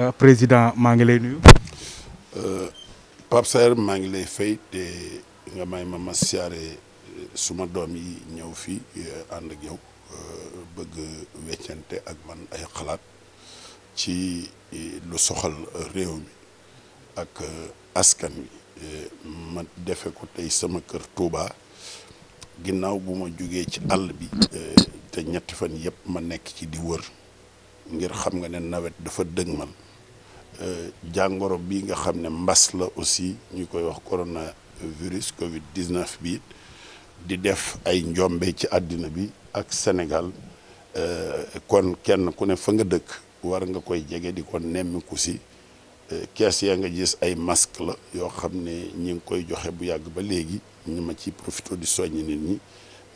Euh, président maa ngi lay nuyu. Euh, Pape Saer maa ngi lay fay te nga may ma ma siyaare suma doom yi ñëw fii euh, ànd ak yow bëgg weccante ak man ay xalaat ci lu soxal réew mi ak askan wi ma defe ko tey sama kër Touba ginnaaw bu ma jógee ci àll bi te ñetti fan yëpp ma nekk ci di wër ngir xam nga ne nawet dafa dëgmal. Euh, jàngoro bi nga xam ne mbas la aussi ñu koy wax coronavirus Covid 19 bi di def ay njombe ci àddina bi ak Sénégal euh, kon kenn ku ne fa nga dëkk war nga koy jege di ko nemmiku si euh, kees yaa nga gis ay masque la yoo xam ne ñi ngi koy joxe bu yàgg ba léegi ñu ma ci profité di soññ nit ñi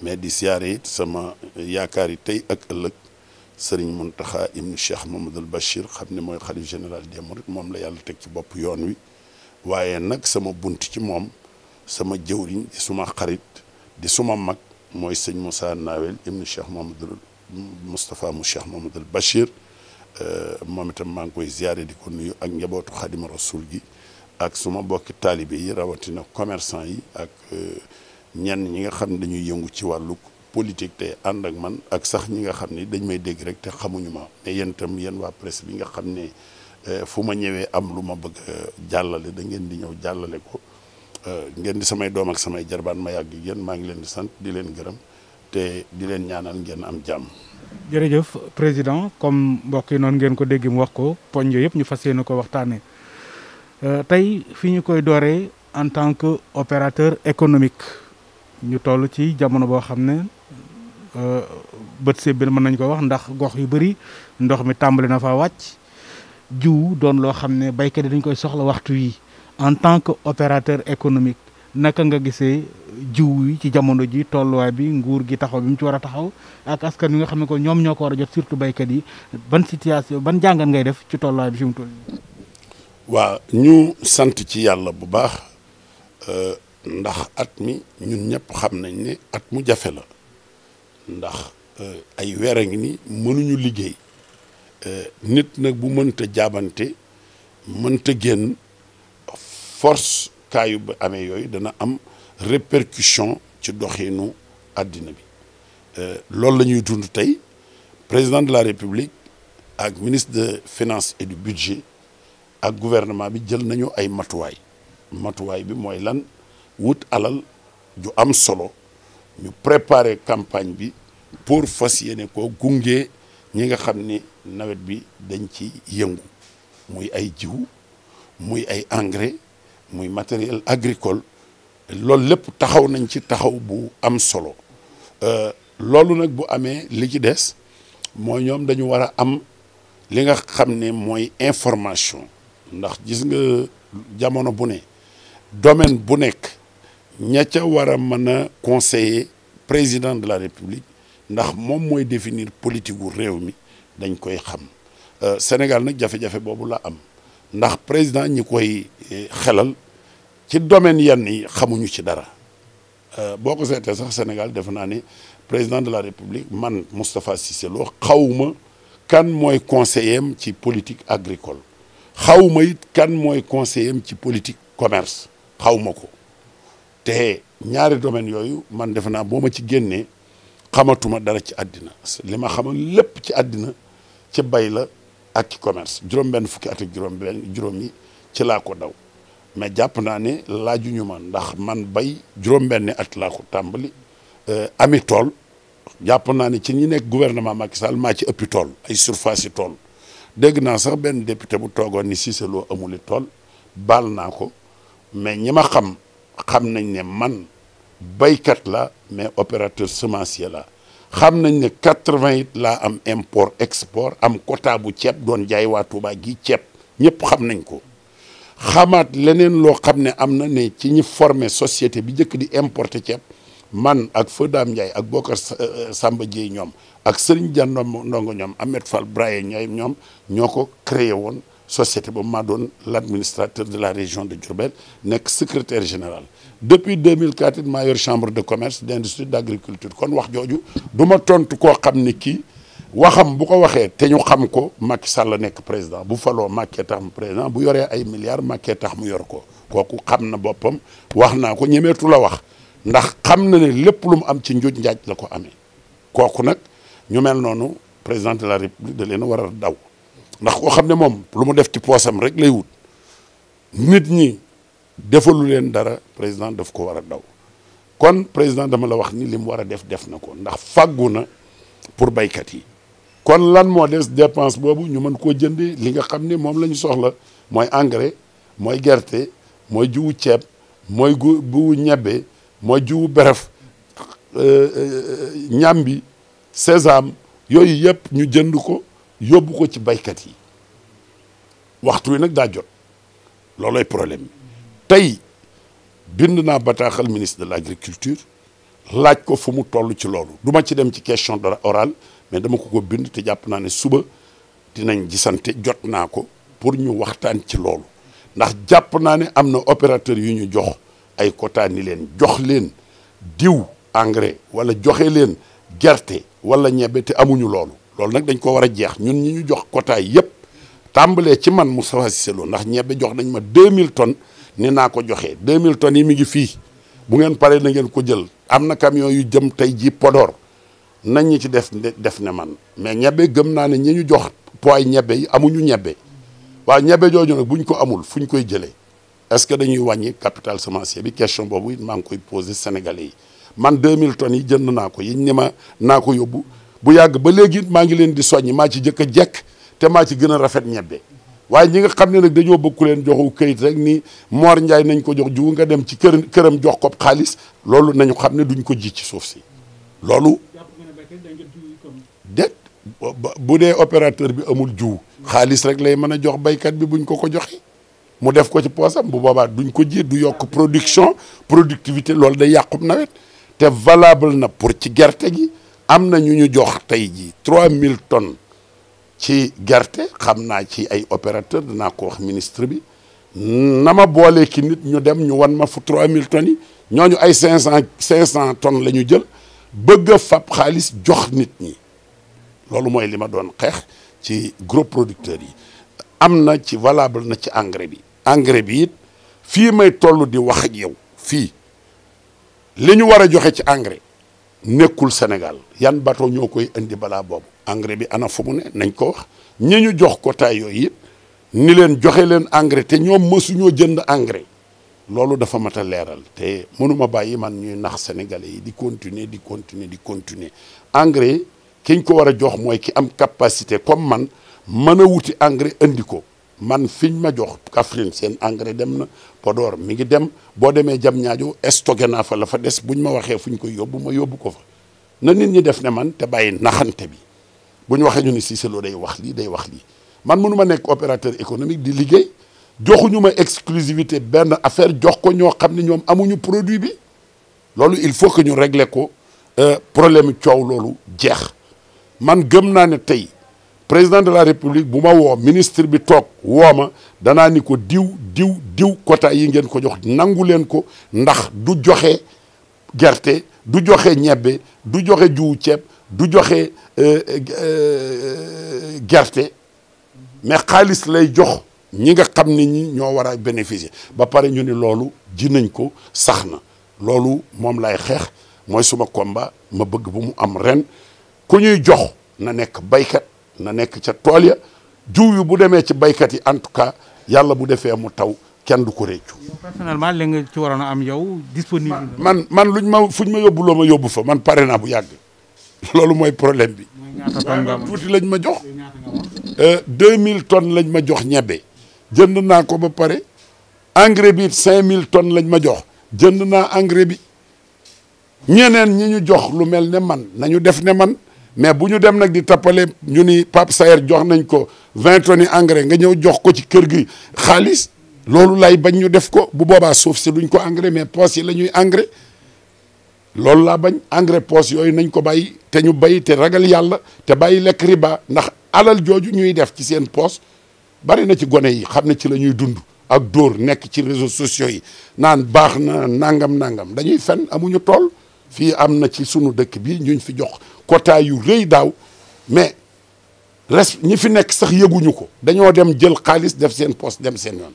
mais di siyaare it sama yaakaar yi tey ak ëllëg. sëriñ Mountakha ibnu Cheikh Mamadou Bachir xam ne mooy xalif général des mourides moom la yàlla teg ci bopp yoon wi waaye nag sama bunt ci moom sama jëwriñ di suma xarit di suma mag mooy sëñ Moussa Nawel ibnu Cheikh Mamadou Moustapha mu Cheikh Mamadou Bachir euh, moom itam maa ngi koy ziare di ko nuyu ak njabootu xadima rasul gi ak suma bokki taalibe yi rawatina commerçant yi ak euh, ñenn ñi nga xam ne dañuy yëngu ci wàllu politique te ànd ak man ak sax ñi nga xam ni dañ may dégg rek te xamuñu ma mais yéen itam yéen waa presse bi nga xam ne euh, fu ma ñëwee am lu ma bëgg jàllale da ngeen di ñëw jàllale ko euh, ngeen di samay doom ak samay jarbaan ma yàgg yéen maa ngi leen di sant di leen gërëm te di leen ñaanal ngeen am jàmm. jërëjëf président comme mbokk yi noonu ngeen ko dégg mu wax ko poñ yooyu yëpp ñu fas yéene ko waxtaanee euh, tey fi ñu koy dooree en tant que opérateur économique ñu toll ci jamono boo xam ne. Euh, bët sébbéen mën nañ ko wax ndax gox yu bëri ndox mi tàmbali na fa wàcc jiw doon loo xam ne baykat yi dañ koy soxla waxtu yi en tant que opérateur économique naka nga gisee jiw yi ci jamono ji tolluwaay bi nguur gi taxaw bi mu ci war a taxaw ak askan ni nga xam ne ko ñoom ñoo ko war a jot surtout béykat yi ban situation ban jàngat ngay def ci tolluwaay bi fi toll nii. waaw ñu sant ci yàlla bu baax euh, ndax at mi ñun ñëpp xam nañ ni at mu jafe la. ndax euh, ay weer a ngi ni mënuñu liggéey euh, nit nag bu mënta jaabante mënta génn force kaayu ba amee yooyu dana am répercussion ci doxinu àddina bi euh, loolu lañuy ñuy dund tey président de la république ak ministre de finance et du budget ak gouvernement bi jël nañu ay matuwaay matuwaay bi mooy lan wut alal ju am solo ñu préparer campagne bi pour fas yéene ko gunge ñi nga xam ni nawet bi dañ ci yëngu muy ay jiw muy ay engrais muy matériel agricole loolu lépp taxaw nañ ci taxaw bu am solo euh, loolu nag bu amee li ci des mooy ñoom dañu war a am li nga xam ne mooy information ndax gis nga jamono bu ne domaine bu nekk ña ca war a mën a conseiller président de la république ndax moom mooy définir politique wu réew mi dañ koy xam euh, Sénégal na jafe-jafe boobu la am ndax président ñi koy eh, xelal ci domaine yenn yi xamuñu ci dara euh, boo ko seetee sax Sénégal defe naa ne président de la république man Moustapha Cissé Lo xawma kan mooy conseiller am ci politique agricole xawma it kan mooy conseiller am ci politique commerce xawma ko te ñaari domaine yooyu man defe naa boo ma ci génnee xamatuma dara ci àddina li ma xamoon lépp ci addina ci bay la ak ci commerce juróom-benn fukki at ak juróom-benn ci laa ko daw mais jàpp naa ne laajuñu ma ndax man bay juróom-benni at laa ko tàmbali euh, ami tool jàpp naa ne ci ñi nekk gouvernement Macky Sall maa ci ëppi tool ay surface yi tool dégg naa sax benn député bu toogoon ni Cissé Lo amuli tool baal naa ko mais ñi xam nañ ne man baykat la mais opérateur semencier la xam nañ ne quatre-vingt laa am import export am quota bu ceeb doon jaay waa Touba gi ceeb ñëpp xam nañ ko xamaat leneen loo xam ne am na ne ci ñi formé société bi njëkk di importer ceeb man ak Feu Dame Ndiaye ak Bokar euh, euh, Samba Dieye ñoom ak Serigne Dia Ndongo ñoom Ahmed Fall Braye ñoom ñoo ko créé woon société boobu maa doon l' administrateur de la région de Diourbel nekk secrétaire général depuis 2004 it maa yor chambre de commerce d' industrie d' kon wax jooju du ma tontu koo xam ni kii waxam bu ko waxee te ñu xam ko Macky salla nekk président bu faloo Macky tax mu président bu yoree ay milliards makke tax mu yor ko kooku xam na boppam wax naa ko ñemeetu la wax ndax xam na ne lépp lu mu am ci njuuj njaaj la ko amee kooku nag ñu mel noonu président la da leen a war daw. ndax koo xam ne moom lu mu def ci poosam rek lay wut nit ñi defalu leen dara président daf ko war a daw kon président dama la wax ni li mu war a def def na ko ndax fàggu na pour baykat yi kon lan moo des dépense boobu ñu mën koo jënd li nga xam ne moom la ñu soxla mooy engrais mooy gerte mooy jiwu ceeb mooy gu bu ñebe mooy jiwu beref euh, euh, euh, ñambi sésame yooyu yëpp ñu jënd ko yóbbu ko ci baykat yi waxtu wi nag daa jot loolooy problème tey bind naa bataaxal ministre de l'agriculture laaj ko fu mu toll ci loolu duma ci dem ci question de orale mais dama ko ko bind te jàpp naa ne suba dinañ gisante jot naa ko pour ñu waxtaan ci loolu ndax jàpp naa ne am na opérateur yu ñu jox ay quota leen jox leen diw engrais wala joxe leen gerte wala ñebe te amuñu loolu loolu nag dañ ko war a jeex ñun ñi ñu jox quotaay yëpp tàmbalee ci man mu Cissé Lo ndax ñebe jox nañ ma 2000 ton ni naa ko joxee 2000 tonnes yi mi ngi fii bu ngeen paree na ngeen ko jël am na camion yu jëm tey ji Podor nañ ñi ci def def ne man mais ñebe gëm naa ne ñi jox poids ñebe yi amuñu ñebe waaw ñebe jooju nag buñ ko amul fu ñu koy jëlee est-ce que dañuy wàññi capital semencier bi boobu it maa ngi koy posé Sénégalais yi man 2000 tonnes yi jënd naa ko yi ni ma naa ko yóbbu bu yàgg ba léegi maa ngi leen di soññi maa ci jëkk a jekk te maa ci gën a rafet ñebbe waaye ñi nga xam ne nag dañoo bëgg ku leen joxu kayit rek ni Mor Ndiaye nañ ko jox jugu nga dem ci kër këram jox ko xaalis loolu nañu xam ne duñ ko ji ci suuf si loolu déet bu dee opérateur bi amul jiw xaalis rek lay mën a jox baykat bi buñ ko ko joxe mu def ko ci poosam bu boobaa duñ ko ji du yokk production productivité loolu day yàqub nawet te valable na pour ci gerte gi am na ñu ñu jox tey jii mille tonnes ci gerte xam naa ci ay opérateur dinaa ko wax ministre bi na ma boolee ki nit ñu dem ñu wan ma fu 3000 tonnes yi ñooñu ay 500 500 tonnes la ñu jël bëgg fab xaalis jox nit ñi loolu mooy li ma doon xeex ci gros producteurs yi am na ci valable na ci engrais bi engrais bi it fii may tollu di wax yow fii li ñu war a joxe ci engrais nekkul Sénégal yan bateau ñoo koy indi balaa boobu engrais bi ana fu ne nañ ko wax ñi ñu jox ko tay yooyu ni leen joxe leen engrais te ñoom mësuñoo jënd engrais loolu dafa mat a leeral te mënuma bàyyi man ñuy nax sénégalais di continuer di continuer di continuer engrais kiñ ko war a jox mooy ki am capacité comme man mën a wuti engrais indi ko man fiñ ma jox Kaffrine seen engrais dem na Podor mi ngi dem boo demee jam ñaajo stocké fa la fa des buñ ma waxee fuñ koy yóbbu ma yóbbu ko fa na nit ñi def ne man te bàyyi naxante bi bu ñu waxee ñu ni Cissé Lo day wax lii day wax lii man mënu ma nekk opérateur économique di liggéey joxuñu ma exclusivité benn affaire jox ko ñoo xam ne ñoom amuñu produit bi loolu il faut que ñu régler ko euh, problème coow loolu jeex man gëm naa ne tey président de la république bu ma woo ministre bi toog woo ma danaa ni ko diw diw diw quota yi ngeen ko jox nangu leen ko ndax du joxe gerte du joxe ñebbe du joxe juwu ceeb du joxe euh, euh, gerte mais xaalis lay jox ñi nga xam ni ñi ñoo war a bénéficier ba pare ñu ni loolu ji nañ ko sax na loolu moom lay xeex mooy suma combat ma bëgg bu mu am ren ku ñuy jox na nekk baykat na nekk ca tool ya jiw yu bu demee ci baykat yi en tout cas yàlla bu defee mu taw kenn du ko réccu. li nga ci waroon am yow disponible. man man luñ ma fuñ ma yóbbuloo ma yóbbu fa man pare naa bu yàgg loolu mooy problème bi. tuuti lañ ma jox. Euh, deux mille tonnes lañ ma jox ñebe jënd naa ko ba pare engrais bi cinq mille tonnes lañ ma jox jënd naa engrais bi ñeneen ñi ñu jox lu mel ne man nañu def ne man. mais bu ñu dem nag di tappale ñu ni Pape Saer jox nañ ko vingt tonnes engrais nga ñëw jox ko ci kër gi xaalis loolu lay bañ ñu def ko bu boobaa suuf si duñ ko engrais mais poches yi la ñuy engrais loolu laa bañ engrais poches yooyu nañ ko bay te ñu bay te ragal yàlla te bàyyi lekk riba ndax alal jooju ñuy def ci seen poche bari na ci gone yi xam na ci la ñuy dund ak dóor nekk ci réseau sociaux yi naan baax na nangam nangam dañuy fen amuñu tool fii am na ci sunu dëkk bi ñuñ fi jox quota yu rëy daaw mais res ñi fi nekk sax yëguñu ko dañoo dem jël xaalis def seen poste dem seen yoon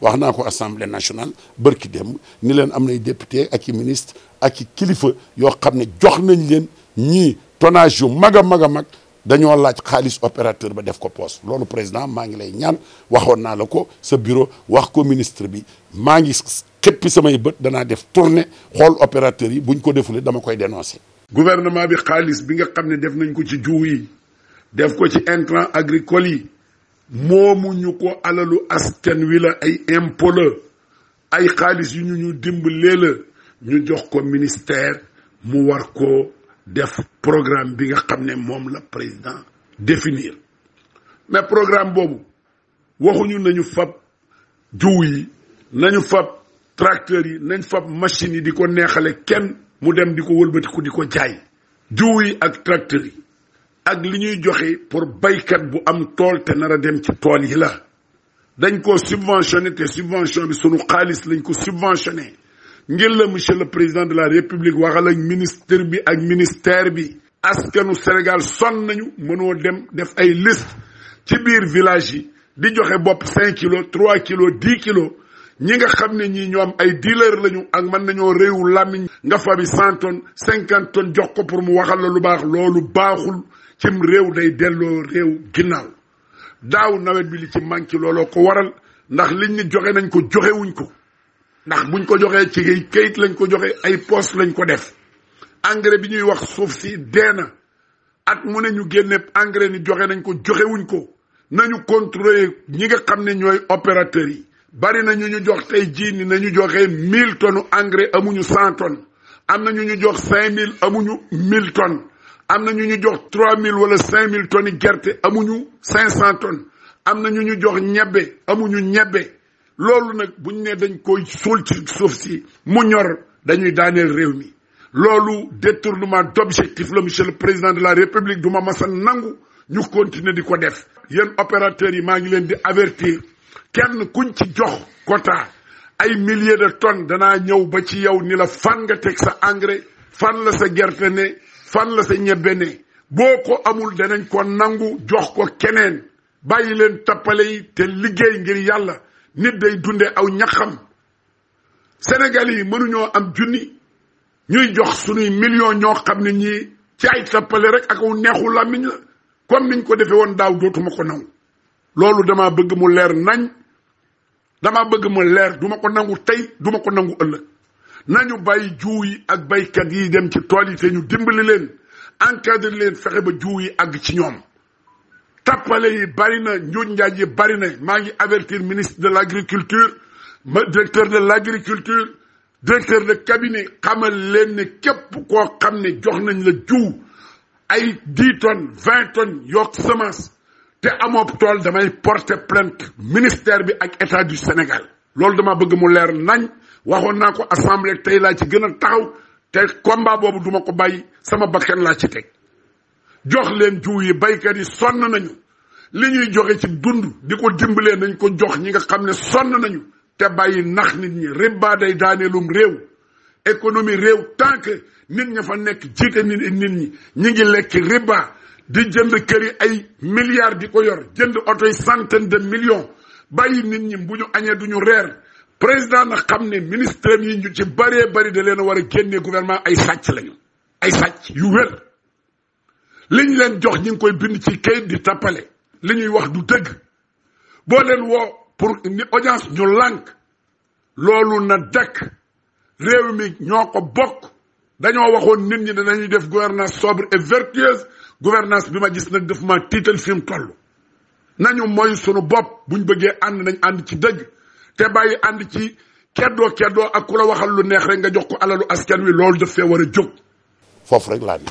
wax naa ko assemblée nationale bërki dem ni leen am nay député ak i ministre ak i kilifa yoo xam ne jox nañ leen ñii tonnage yu mag a mag a mag dañoo laaj xaalis opérateur ba def ko poste loolu président maa ngi lay ñaan waxoon naa la ko sa bureau wax ko ministre bi maa ngi xëppi samay bët danaa def tournée xool opérateur yi buñ ko defule dama koy dénoncer. gouvernement bi xaalis bi nga xam ne def nañ ko ci jiw yi def ko ci intrant agricoles yi moomu ñu ko alalu askan wi la ay impôt la ay xaalis yu ñu ñu dimbalee la ñu jox ko ministère mu war ko def programme bi nga xam ne moom la président définir mais programme boobu waxuñu nañu fab jiw yi nañu fab. tracteurs yi nañ fab machines yi di ko neexale kenn mu dem di ko wëlbatiku di ko jaay jiw yi ak tracteurs yi ak li ñuy joxe pour baykat bu am tool te nar a dem ci tool yi la dañ ko subventionné te subvention bi sunu xaalis lañ ko subventionné ngir la monsieur le président de la république waxal ak ministre bi ak ministère bi askanu Sénégal sonn nañu mënoo dem def ay liste ci biir village yi di joxe bopp cinq kilos trois kilos dix kilos ñi nga xam ne ñii ñoom ay dealer lañu ak mën nañoo réewu làmmiñ nga fabi cent tonnes cinquante tonnes jox ko pour mu waxal la lu baax loolu baaxul cim réew day delloo réew ginnaaw daaw nawet bi li ci manqué looloo ko waral ndax liñ ni joxe nañ ko joxewuñ ko ndax buñ ko joxee ci ay lañ ko joxe ay poste lañ ko def engrais bi ñuy wax suuf si dee na at mu ne ñu génne engrais ni joxe nañ ko joxewuñ ko nañu contrôler ñi nga xam ne ñooy opérateurs yi bari na ñu ñu jox tey jii ni nañu joxe mille tonnes engrais amuñu cent tonnes am na ñu ñu jox cinq mille amuñu mille tonnes am na ñu ñu jox trois mille wala cinq mille tonnes gerte amuñu cinq cent tonnes am na ñu ñu jox ñebbe amuñu ñebbe loolu nag buñ nee dañ koy suul ci suuf mu ñor dañuy daaneel réew mi loolu détournement d'objectif la monsieur le président de la république duma masa nangu ñu continuer di ko def yéen opérateurs yi maa ngi leen di avertir kenn kuñ ci jox quota ay milliers de tonnes danaa ñëw ba ci yow ni la fan nga teg sa engrais fan la sa gerte ne fan la sa ñebbe ne boo ko amul danañ ko nangu jox ko keneen bàyyi leen tappale yi te liggéey ngir yàlla nit day dunde aw ñaxam Sénégal yi mënuñoo am junni ñuy jox sunuy million ñoo xam ne ñi ci ay tappale rek ak aw neexu làmmiñ la comme niñ ko defee woon daaw dootuma ko nangu loolu dama bëgg mu leer nañ dama bëgg ma leer duma ko nangu tey duma ko nangu ëllëg nañu bàyyi jiw yi ak baykat yi dem ci tool yi te ñu dimbali leen encadre leen fexe ba jiw yi àgg ci ñoom tappale yi bari na njuuj njaaj yi bari na maa ngi avertir ministre de l' agriculture directeur de l' agriculture directeur de cabinet xamal leen ne képp koo xam ne jox nañ la jiw ay dix tonnes vingt tonnes yokk semence te amoo tool damay porter plainte ministère bi ak état du Sénégal loolu dama bëgg mu leer nañ waxoon naa ko assemblée tey laa ci gën a taxaw te combat boobu duma ko bàyyi sama bakkan laa ci teg jox leen jiw yi baykat yi sonn nañu li ñuy joxe ci dund di ko leen nañ ko jox ñi nga xam ne sonn nañu te bàyyi nax nit ñi riba day daaneelum réew économie réew tant que nit ña fa nekk jiite nit nit ñi ñi ngi lekk riba di jënd kër yi ay milliards di ko yor jënd oto yi centaine de million bàyyi nit ñi bu ñu añee du ñu reer président na xam ne ministre yi ñu ci baree bëri de leen a war a génnee gouvernement ay sàcc lañu ay sàcc yu wér liñ leen jox ñi ngi koy bind ci kayit di tappale li ñuy wax du dëgg boo leen woo pour ni audience ñu lànk loolu na dakk réew mi ñoo ko bokk dañoo waxoon nit ñi danañuy def gouvernance sobre et vertueuse gouvernance bi ma gis nag daf ma tiital fi mu toll nañu mooy sunu bopp bu ñu bëggee ànd nañ ànd ci dëgg te bàyyi ànd ci keddoo keddoo ak ku la waxal lu neex rek nga jox ko alalu askan wi loolu daf fee war a jóg foofu rek laa ne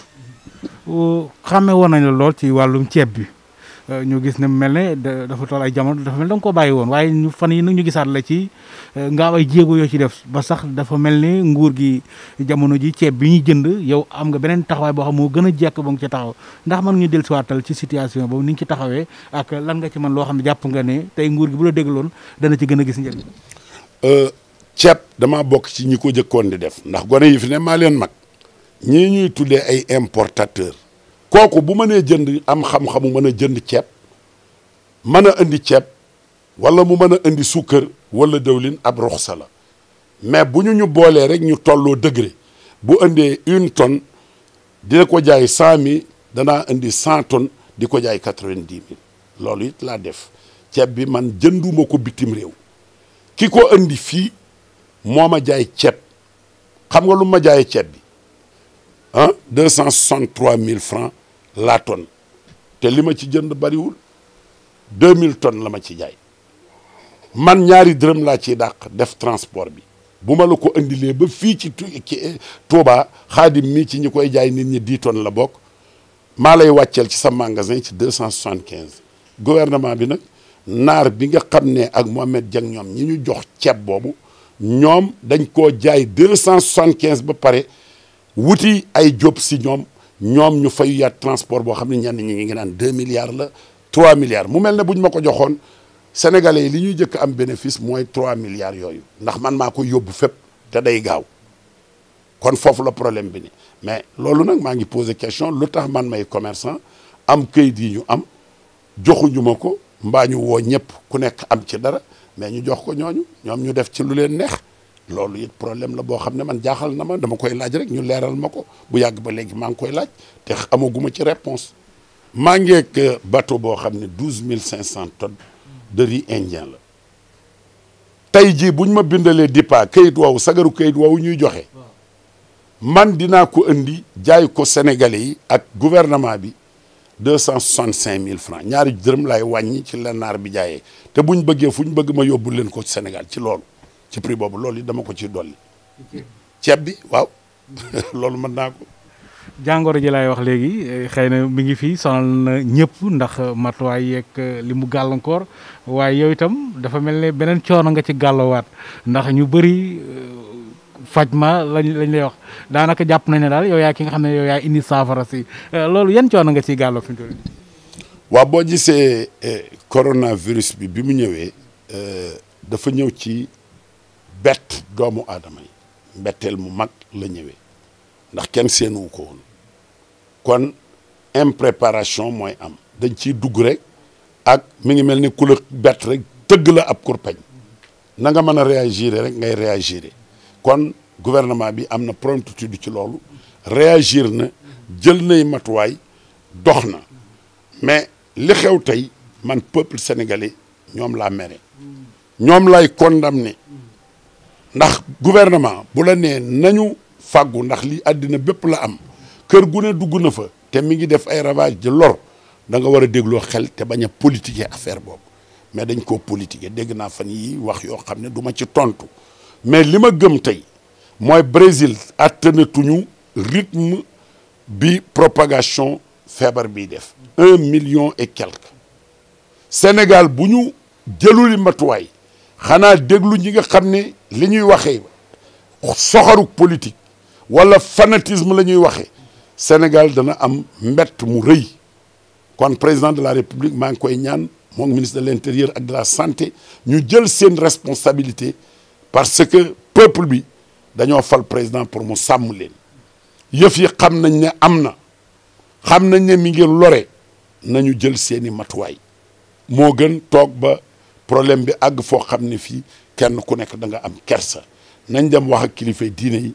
xàmme woon nañu la lool ci wàllum ceeb bi Euh, ñu gis ne mel ne dafa tool ay jamono dafa mel da nga koo bàyyi woon waaye ñu fan yi nag ñu gisaat la ci euh, nga am ay jéego yoo ci def ba sax dafa mel ne nguur gi jamono ji ceeb bi ñuy jënd yow am nga beneen taxawaay boo xam moo gën a jekk ba nga ci taxaw ndax mën ñu del siwaatal ci situation boobu ni nga ci taxawee ak lan nga ci mën loo xam ne jàpp nga ne tey nguur gi bu la dégloon dana ci gën a gis njëriñ euh, ceeb dama bokk ci ñi ko jëkkoon di def ndax gone yi fi ne maa leen tuddee ay importateur kooku bu mënee jënd am xam-xamu mën a jënd ceeb mën a indi ceeb wala mu mën a indi sukkër wala dëwlin ab ruxsa la mais bu ñu ñu boolee rek ñu tolloo degré bu indee une tonne dina ko jaay cent mille danaa indi cent tonnes di ko jaay quatre-vingt-dix mille loolu it laa def ceeb bi man jënduma ko bitim réew ki ko indi fii moo ma jaay ceeb xam nga lu ma jaay ceeb bi ah deux cent soixante-trois mille francs la ton te li ma ci jënd bariwul 2000 tonnes la ma ci jaay man ñaari dërëm laa ciy dàq def transport bi bu ma la ko indilee ba fii ci ci eh, Touba xaadim mii ci ñi koy jaay nit ñi 10 tonnes la bokk maa lay wàcceel ci sa magasin ci 275 gouvernement bi nag naar bi nga xam ne ak Mohamed Dieng ñoom ñi ñu jox ceeb boobu ñoom dañ koo jaay 275 ba pare wuti ay job si ñoom ñoom ñu fay yaat transport boo xam ne ñenn ñi ñu ngi naan deux milliards la trois milliards mu mel ne bu ñu ma ko joxoon sénégalais yi li ñuy jëkk am bénéfice mooy trois milliards yooyu ndax man maa ko yóbbu fépp te day gaaw kon foofu la problème bi ni mais loolu nag maa ngi posé question lu tax man may commerçant am kayit yi ñu am joxuñu ma ko mbaa ñu woo ñëpp ku nekk am ci dara mais ñu jox ko ñooñu ñoom ñu def ci lu leen neex loolu it problème la boo xam ne man jaaxal na ma dama koy laaj rek ñu leeral ma ko bu yàgg ba léegi maa ngi koy laaj te amaguma ci réponse maa ngeeg bateau boo xam ne douze mille cinq cent tonnes de riz indien la tey jii buñ ma bindalee DIPA kayit woowu sagaru kayit woowu ñuy joxe man dinaa ko indi jaay ko sénégalais yi ak gouvernement bi deux cent soixante cinq mille francs ñaari dërëm laay wàññi ci la naar bi jaaye te bu ñu bëggee fu ñu bëgg ma yóbbu leen ko Sénégal ci loolu ci prix boobu loolu yi dama ko ci dolli. ceeb bi waaw loolu mën naa ko. jàngoro ji lay wax léegi eh, xëy na mu ngi fi sonal na ñëpp ndax matuwaay yeeg eh, li mu gàllankoor waaye yow itam dafa mel ne beneen coono nga ci gàllawaat ndax ñu bëri eh, faj ma lañ lañ lay wax daanaka jàpp nañ ne daal yow yaa ki xam ne yow yaa indi saafara si loolu yan coono nga ciy gàlloo fi mu toll boo gisee coronavirus bi bi mu ñëwee dafa ñëw ci. bett doomu aadama yi mbetteel mu mag la ñëwee ndax kenn seenuwu ko woon kon impréparation mooy am dañ ci dugg rek ak mu ngi mel ni ku la bett rek tëgg la ab kurpañ na nga mën a réagir rek ngay réagir kon gouvernement bi am na promptitude ci loolu réagir na jël nay matuwaay dox na mais li xew tey man peuple sénégalais ñoom laa mere ñoom lay condamné ndax gouvernement bu la nee nañu faggu ndax li àddina bépp la am kër gu ne dugg na fa te mi ngi def ay ravage di lor da nga war a dégloo xel te bañ a politiquer affaire boobu mais dañ koo politiquer dégg naa fan yi wax yoo xam ne duma ci tontu mais li ma gëm tey mooy Brésil attanatuñu rythme bi propagation feebar bi def un million et quelque Sénégal bu ñu jëluli matuwaay xanaa déglu ñi nga xam ne li ñuy waxee soxaru politique wala fanatisme la ñuy waxee Sénégal dana am mbett mu rëy kon président de la république maa ngi koy ñaan moom ministre de l'intérieur ak de la santé ñu jël seen responsabilité parce que peuple bi dañoo fal président pour mu sàmm leen yëf yi xam nañ ne am na xam nañ ne mi ngi lore nañu jël seeni matuwaay moo gën toog ba problème bi àgg foo xam ne fii kenn ku nekk danga am kersa nañ dem wax ak kilifa diine yi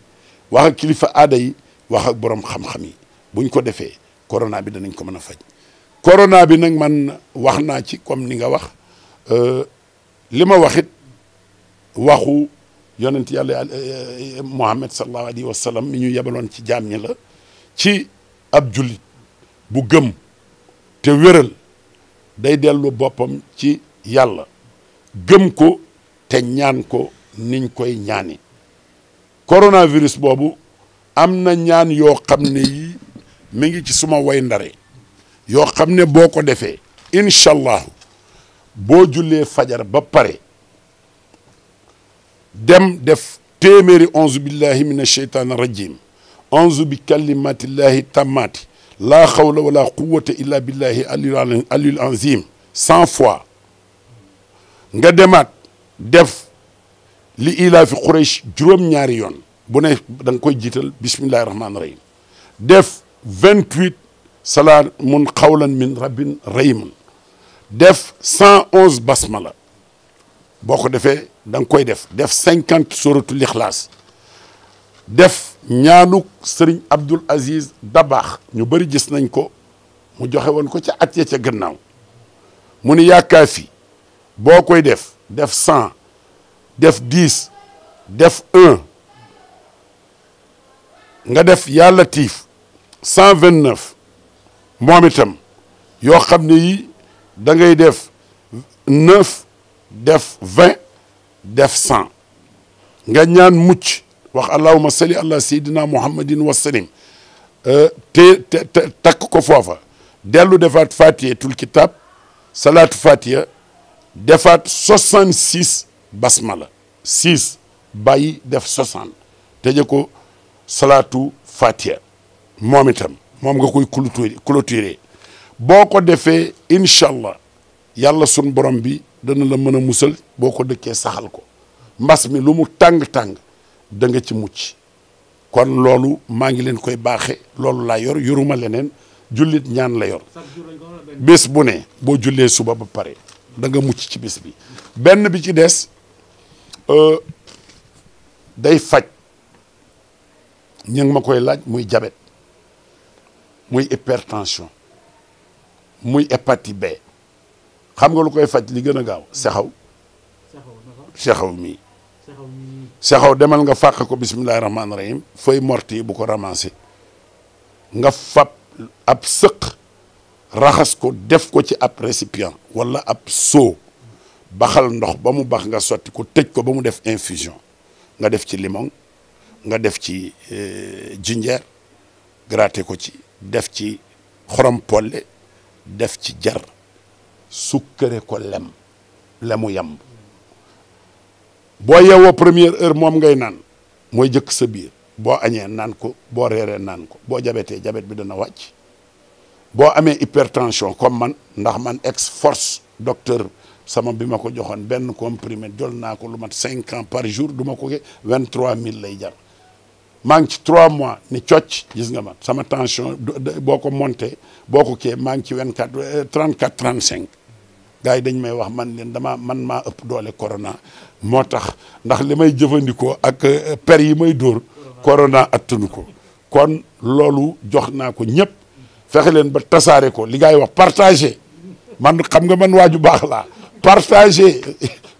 wax kilifa aada yi wax ak borom xam-xam yi buñ ko defee corona bi danañ ko mën a faj. corona bi nag man wax naa ci comme ni nga wax euh, li ma wax it waxu yonent yàlla euh, euh, Muhammad sallallahu alayhi wa sallam mi ñu yebaloon ci jam ñi la ci ab jullit bu gëm te wéral day dellu boppam ci yàlla gëm ko te ñaan ko niñ koy ñaani coronavirus boobu am na ñaan yoo xam ne yi mi ngi ci suma way ndare yoo xam ne boo ko defee incha allahu boo jullee fajar ba pare dem def téeméeri onze billahi min asheytaan rajim onze bi kalimatillahi tammaati laa xawla wala quwata illa billahi alil alil azim cent fois nga demaat def li ilaa fi Quraysh juróom-ñaari yoon bu ne da nga koy jiital bismillahi rahmaani rahim def vingt-huit salaamun qawlan min rabbin rahiim def cent onze basmala boo ko defee da koy def def cinquante suratul ixlaas def ñaanuk sëriñ Abdul Aziz Dabaax ñu bari gis nañ ko mu joxe woon ko ca at ya ca gannaaw mu ni yaakaar boo koy def def cent def dix def un nga def yàlla tiif cent vingt neuf moom itam yoo xam ne yi da ngay def neuf def vingt def cent nga ñaan mucc wax allahuma salli ala sayidina muhammadin wasalim euh, te te takk ko foofa dellu defaat fatiyatul kitab salaatu fatiya defaat basma la 6 bay def 60 tëje ko salaatu fatiha moom itam moom nga koy clôturer clôturer boo ko defee incha allah yàlla sun borom bi dana la mën a musal boo ko dëkkee saxal ko mbas mi lu mu tàng-tàng da nga ci mucc kon loolu maa ngi leen koy baaxe loolu laa yor yoruma leneen jullit ñaan la yor bés bu ne boo jullee suba ba pare danga mucc ci bis bi benn bi ci des euh, day faj ñu ma koy laaj muy diabète muy hypertension muy hépatite B xam nga lu koy faj li gën a gaaw sexew sexaw mii sexaw demal nga fàq ko bismillahi rahmaani rahim feuille morte yi bu ko ramassé nga fab ab sëq raxas ko def ko ci ab récipient wala ab soo baxal ndox ba mu bax nga sotti ko tëj ko ba mu def infusion nga def ci limon nga def ci euh, jinjeer gratter ko ci def ci xorom polle def ci jar sukkare ko lem lemu yamb boo yeewoo premier heure moom ngay naan mooy jëkk sa biir boo añee naan ko boo reeree naan ko boo jabetee jabet bi dana wàcc boo amee hypertension comme man ndax man ex force docteur sama bi ma ko joxoon benn comprimé jol naa ko lu mat cinq ans par jour du ma ko ge vingt trois mille lay jar maa ngi ci trois mois ni cocc gis nga ma sama tension boo ko monté boo ko kee maa ngi ci vingt euh, quatre trente quatre trente cinq gars yi dañ may wax man leen damaa man maa ëpp doole corona moo tax ndax li may jëfandikoo ak euh, per yi may dóor corona attanu ko kon loolu jox naa ko ñëpp fexe leen ba tasaare ko li ngay wax partagé man xam nga man waaju baax laa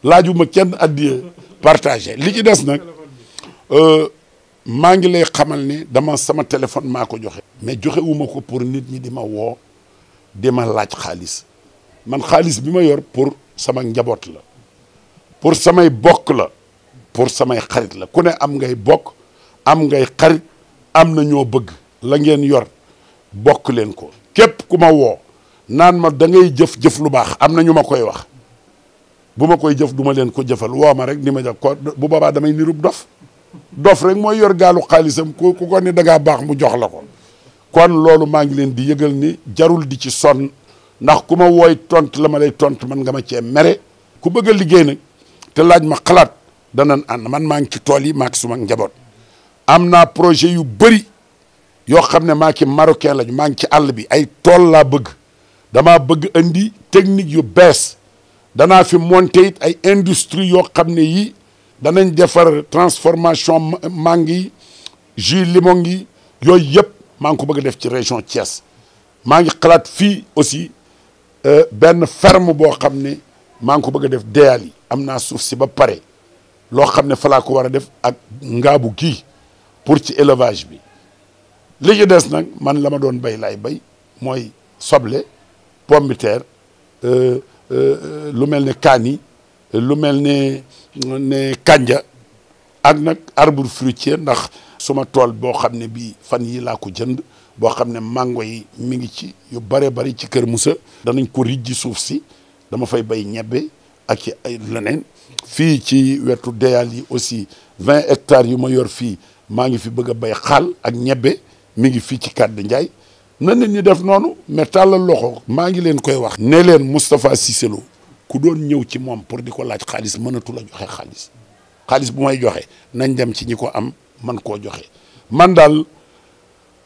laaju ma kenn addiye partagé li ci des nag euh, maa ngi lay xamal ni dama sama téléphone maa ko joxe mais joxe wuma ko pour nit ñi di ma woo di ma laaj xaalis man xaalis bi ma yor pour sama njaboot la pour samay bokk la pour samay xarit la ku ne am ngay bokk am ngay xarit am na ñoo bëgg la ngeen yor bokk leen ko képp ku ma woo naan ma da ngay jëf jëf lu baax am na ñu ma koy wax bu ma koy jëf du ma leen ko jëfal woo ma rek ni ma ko bu boobaa damay nirub dof dof rek mooy yor gaalu xaalisam ku ku ko ne da ngaa baax mu jox la ko kon loolu maa ngi leen di yëgal ni jarul di ci son ndax ku ma wooy tontu la ma lay tontu man nga ma cee mere ku bëgg liggéey nag te laaj ma xalaat danañ ànd man maa ngi ci tool yi maak suma njaboot am naa projet yu bëri yoo xam ne maa ci marocain lañu maa ngi ci àll bi ay tool laa bëgg damaa bëgg indi technique yu bees danaa fi monter it ay industrie yoo xam ne yii danañ defar transformation mangue yi jus limon yi yooyu yëpp maa ngi ko bëgg a def ci région Thiès maa ngi xalaat fii aussi euh, benn ferme boo xam ne maa ngi ko bëgg a def deyal yi am naa suuf si ba pare loo xam ne falaa ko war a def ak ngaabu gii pour ci élevage bi li des nag man la ma doon bay laay bay mooy soble pomme de terre euh, euh, lu mel ne kaani lu mel ne ne kanja ak nag arbre fruitier ndax suma tool boo xam ne bii fan yi laa jënd boo xam ne mango yi mi ngi ci yu bare bari ci Kër Moussa danañ ko rijji suuf si dama fay bay ñebbe ak ci ay fii ci wetu deyal yi aussi vingt hectares yu ma yor fii maa ngi fi bëgg a bay xaal ak ñebbe mi ngi fii ci kàddu Ndiaye na nit ñi def noonu mais tàllal loxo maa ngi leen koy wax. ne leen Moustapha Cissé ku doon ñëw ci moom pour di ko laaj xaalis mënatu la joxe xaalis xaalis bu may joxe nañ dem ci ñi ko am man koo joxe man daal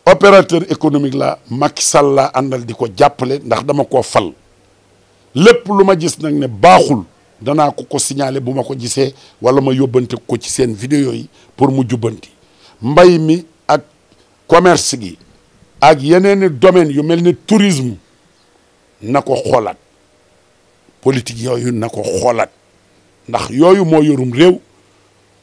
opérateur économique la Macky Sall laa àndal di ko jàppale ndax dama koo fal lépp lu ma gis nag ne baaxul. danaa ko ko signaler bu ma ko gisee wala ma yóbbante ko ci seen vidéo yi pour mu jubbanti mbay mi commerce gi ak yeneeni i yu mel ni tourisme na ko xoolaat politique yooyu na ko xoolaat ndax yooyu moo yorum réew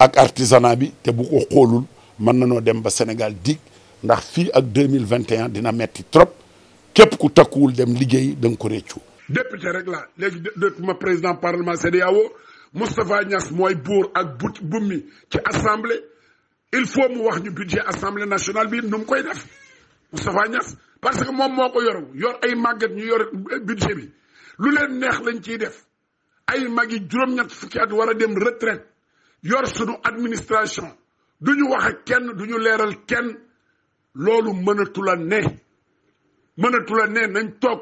ak artisanat bi te bu ko xoolul mën nañoo dem ba Sénégal dig ndax fii ak deux mille vingt et un dina metti trop képp ku takkuwul dem liggéey da nga ko réccu député rek la léegi dootuma président parlement CEDEAO Moustapha Niass mooy buur ak but bummi ci assemblée il faut mu wax ñu budget assemblée nationale bi nu mu koy def Moustapha Niass parce que moom moo ko yoru yor ay màgget ñu yor budget bi lu leen neex lañ ci def ay mag yi juróom-ñett fukki war a dem retraite yor sunu administration du ñu wax ak kenn du ñu leeral kenn loolu mënatu la ne mënatu la ne nañ toog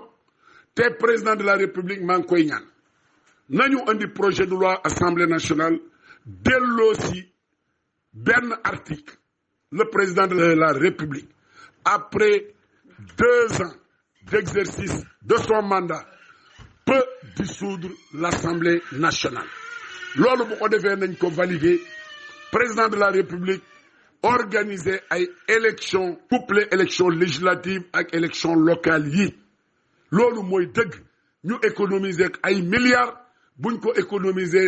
te président de la république maa ngi koy ñaan na ñu indi projet de loi assemblée nationale delloo si benn article le président de la république après deux ans d'exercice de son mandat peut dissoudre l'assemblée nationale loolu bu ko defee nañ ko valider président de la république organiser ay élection couplé élection législative ak élection locale yi loolu mooy dëgg ñu économiser ay milliards buñ ko économiser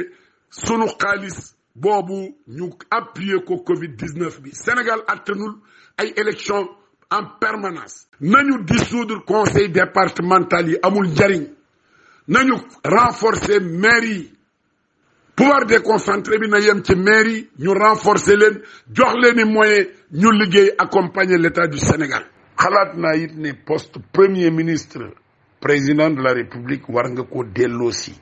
sunu xaalis boobu ñu appuyer ko Covid 19 bi Sénégal attanul ay élection en permanence. nañu dissoudre conseil départemental yi amul njariñ nañu renforcer maire yi pouvoir déconcentré bi na yem ci maire yi ñu renforcer leen jox leen i moyen ñu liggéey accompagner l'état du Sénégal. xalaat naa it ne post premier ministre président de la république war nga ko delloosi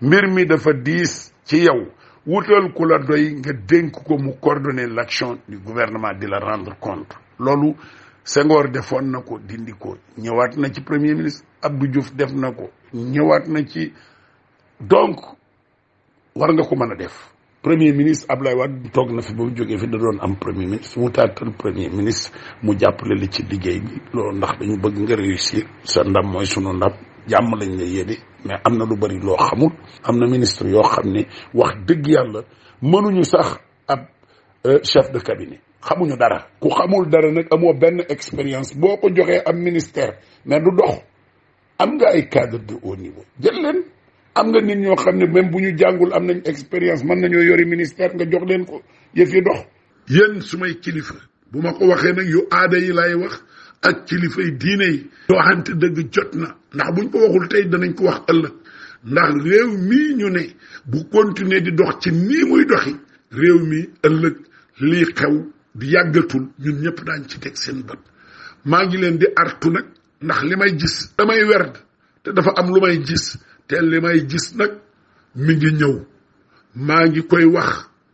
mbir mi dafa diis ci yow. wutal ku la doy nga dénk ko mu coordonner l'action du gouvernement di la rendre compte loolu sengoor defoon na ko dindi ko ñëwaat na ci premier ministre Abdou Diouf def na ko ñëwaat na ci donc war nga ko mën a def premier ministre Ablaye Wade toog na fi ba mu jógee fi da doon am premier ministre wutaatal premier ministre mu jàppale li ci liggéey bi loolu ndax dañu bëgg nga réussir sa ndam mooy sunu ndam jàmm lañ la yéene mais am na lu bari loo xamul am na ministre yoo xam ne wax dëgg yàlla mënuñu sax ab euh, chef de cabinet xamuñu dara ku xamul dara nag amoo benn expérience boo ko joxee am ministère mais du dox am nga ay cadre de haut niveau jël leen am nga nit ñoo xam ne même bu ñu jàngul am nañ expérience mën nañoo yori ministère nga jox leen ko yëf yi dox yéen su may kilifa bu ma ko waxee nag yu aada yi laay wax ak kilifay diine yi waxante dëgg jot na ndax buñ ko waxul tey danañ ko wax ëllëg ndax réew mii ñu ne bu continuer di dox ci nii muy doxi réew mi ëllëg lii xew di yàggatul ñun ñëpp daañ ci teg seen bët maa ngi leen di artu nag ndax li may gis damay werd te dafa am lu may gis te li may gis nag mi ngi ñëw maa ngi koy wax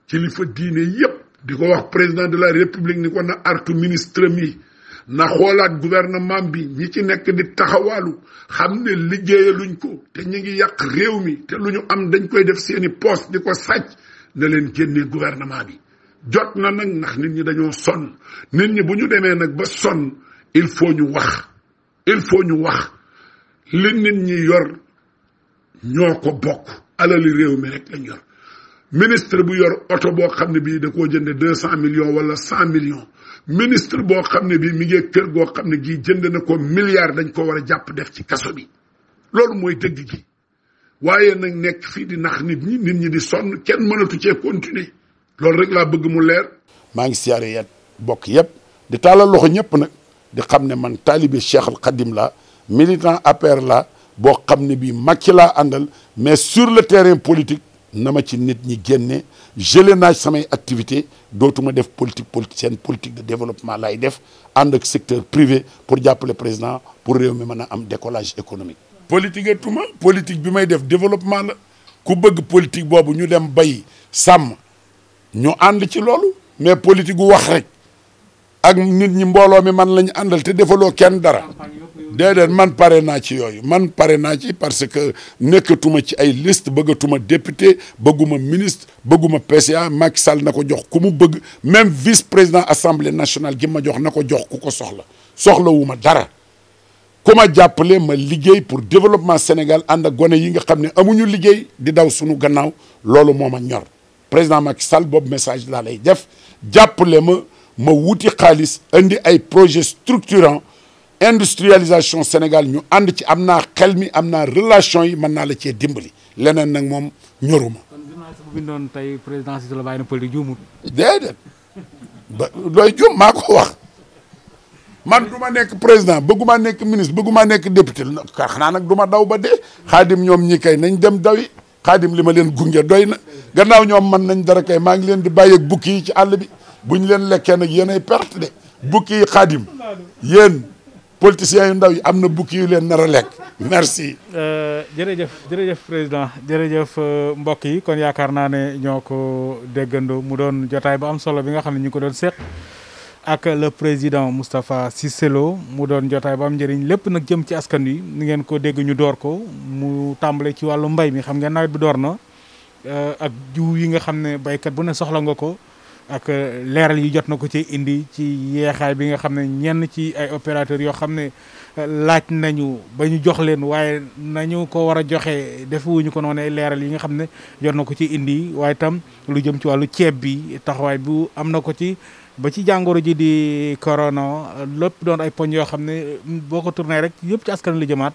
kilifa diine yépp di ko wax président de la république ni ko na artu ministre mi na xoolaat gouvernement bi ñi ci nekk di taxawaalu xam ne liggéeyaluñ ko te ñu ngi yàq réew mi te lu ñu am dañ koy def seeni poste di ko sàcc na leen génnee gouvernement bi jot na nag ndax nit ñi dañoo sonn nit ñi bu ñu demee nag ba sonn il faut ñu wax il faut ñu wax li nit ñi yor ñoo ko bokk alali réew mi rek lañ yor ministre bu yor oto boo xam ne bii da koo jënd deux cent millions wala cent millions ministre boo xam ne bii mi ngi kër goo xam ne gii jënd na ko milliard dañ ko war a jàpp def ci kaso bi loolu mooy dëgg gi waaye nag nekk fii di nax nit ñi nit ñi di sonn kenn mënatu cee continuer loolu rek laa bëgg mu leer. maa ngi siyaare yat bokk yëpp di taalal loxo ñëpp nag di xam ne man taalibe Cheikh al Khadim la militant APR la boo xam ne bii Macky laa àndal mais sur le terrain politique. na ma ci nit ñi génne jële na samay activité dootuma def politique politicienne politique de développement lay def ànd ak secteur privé pour jàppale président pour réew mi mën a am décollage économique politique tuma politique bi may def développement la ku bëgg politique boobu ñu dem bay sàmm ñu ànd ci loolu mais politique gu wax rek ak nit ñi mbooloo mi man la lañu àndal te defaloo kenn dara déedéet man pare naa ci yooyu man pare naa ci parce que nekkatuma ci ay liste bëggatuma député bëgguma ministre bëgguma PCA Macky Sall na ko jox ku mu bëgg même vice président assemblée nationale gi ma jox na ko jox ku ko soxla soxlawuma dara ku ma jàppale ma liggéey pour développement Sénégal ànd ak gone yinga nga xam ne amuñu liggéey di daw suñu gannaaw loolu moo ma ñor président Macky Sall boobu message laa lay def jàppale ma ma wuti xaalis indi ay projet structurant industrialisation Sénégal ñu ànd ci am naa xel am na relation yi mën naa la cee dimbali leneen nag moom ñoruma. kon journaliste bu bindoon tey président Cissé Lô bàyyi na politique juumul. déedéet ko wax man du ma nekk président bëgguma nekk ministre bëgguma nekk député xanaa nag du ma daw ba dee xaadim ñoom ñi kay nañ dem dawi xaadim li ma leen gunge doy na gannaaw ñoom man nañ dara kay maa ngi leen di bàyyeeg bukki yi ci àll bi buñ leen lekkee nag yeney perte de bukki yi xaadim yéen. politiciens yu ndaw yi am na bukki yu leen nar lekk merci. Euh, jërëjëf jërëjëf président jërëjëf euh, mbokk yi kon yaakaar naa ne ñoo ko déggandoo mu doon jotaay bu am solo bi nga xam ne ñu ko doon seq ak le président Moustapha Cissé Lo mu doon jotaay ba am njëriñ lépp nag jëm ci askan wi ni ngeen ko dégg ñu door ko mu tàmbale ci wàllu mbay mi xam ngeen nawet bi door na euh, ak jiw yi nga xam ne baykat bu ne soxla nga ko. ak euh, leeral yi jot na ko ci indi ci yeexaay bi nga xam ne ñenn ci ay opérateurs yoo xam ne euh, laaj nañu ba ñu jox leen waaye nañu ko war a joxe defewuñu ko noonu ay leeral yi nga xam ne jot na ko ci indi waaye tam lu jëm ci wàllu ceeb bi taxawaay bu am na ko ci ba ci jàngoro ji di corona lépp doon ay poñ yoo xam ne boo ko tourné rek yëpp ci askan lu jëmaat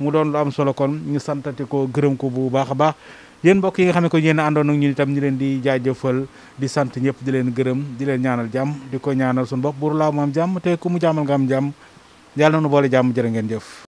mu doon lu am solo kon ñu santati ko gërëm ko bu baax a baax yéen mbokk yi nga xam ne ko yéen àndoon ñu ñun itam ñu leen di jaajëfal di sant ñëpp di leen gërëm di leen ñaanal jàmm di ko ñaanal suñu bopp buur laa mu am jàmm te ku mu jàmmal nga am jàmm yàlla na boole jàmm jërë ngeen jëf